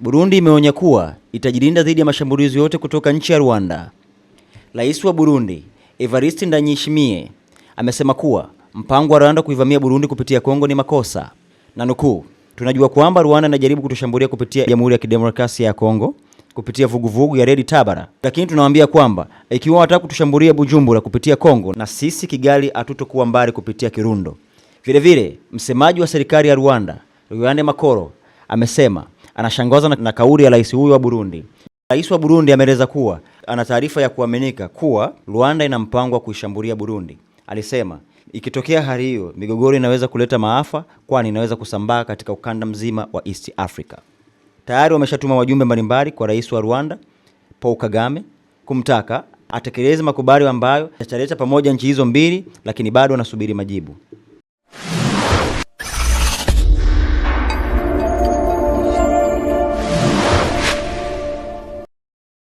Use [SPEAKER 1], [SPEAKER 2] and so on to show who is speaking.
[SPEAKER 1] Burundi imeonya kuwa itajilinda dhidi ya mashambulizi yote kutoka nchi ya Rwanda. Rais wa Burundi Evariste Ndayishimiye amesema kuwa mpango wa Rwanda kuivamia Burundi kupitia Kongo ni makosa, na nukuu, tunajua kwamba Rwanda inajaribu kutushambulia kupitia Jamhuri ya Kidemokrasia ya Kongo kupitia vuguvugu vugu ya Redi Tabara, lakini tunawaambia kwamba ikiwa wataka kutushambulia Bujumbura kupitia Kongo, na sisi Kigali hatutokuwa mbali kupitia Kirundo. Vilevile, msemaji wa serikali ya Rwanda ruande Makoro amesema anashangazwa na kauli ya rais huyo wa Burundi. Rais wa Burundi ameeleza kuwa ana taarifa ya kuaminika kuwa Rwanda ina mpango wa kuishambulia Burundi. Alisema ikitokea hali hiyo, migogoro inaweza kuleta maafa, kwani inaweza kusambaa katika ukanda mzima wa East Africa. Tayari wameshatuma wajumbe mbalimbali kwa rais wa Rwanda Paul Kagame kumtaka atekeleze makubaliano ambayo yataleta pamoja nchi hizo mbili, lakini bado wanasubiri majibu.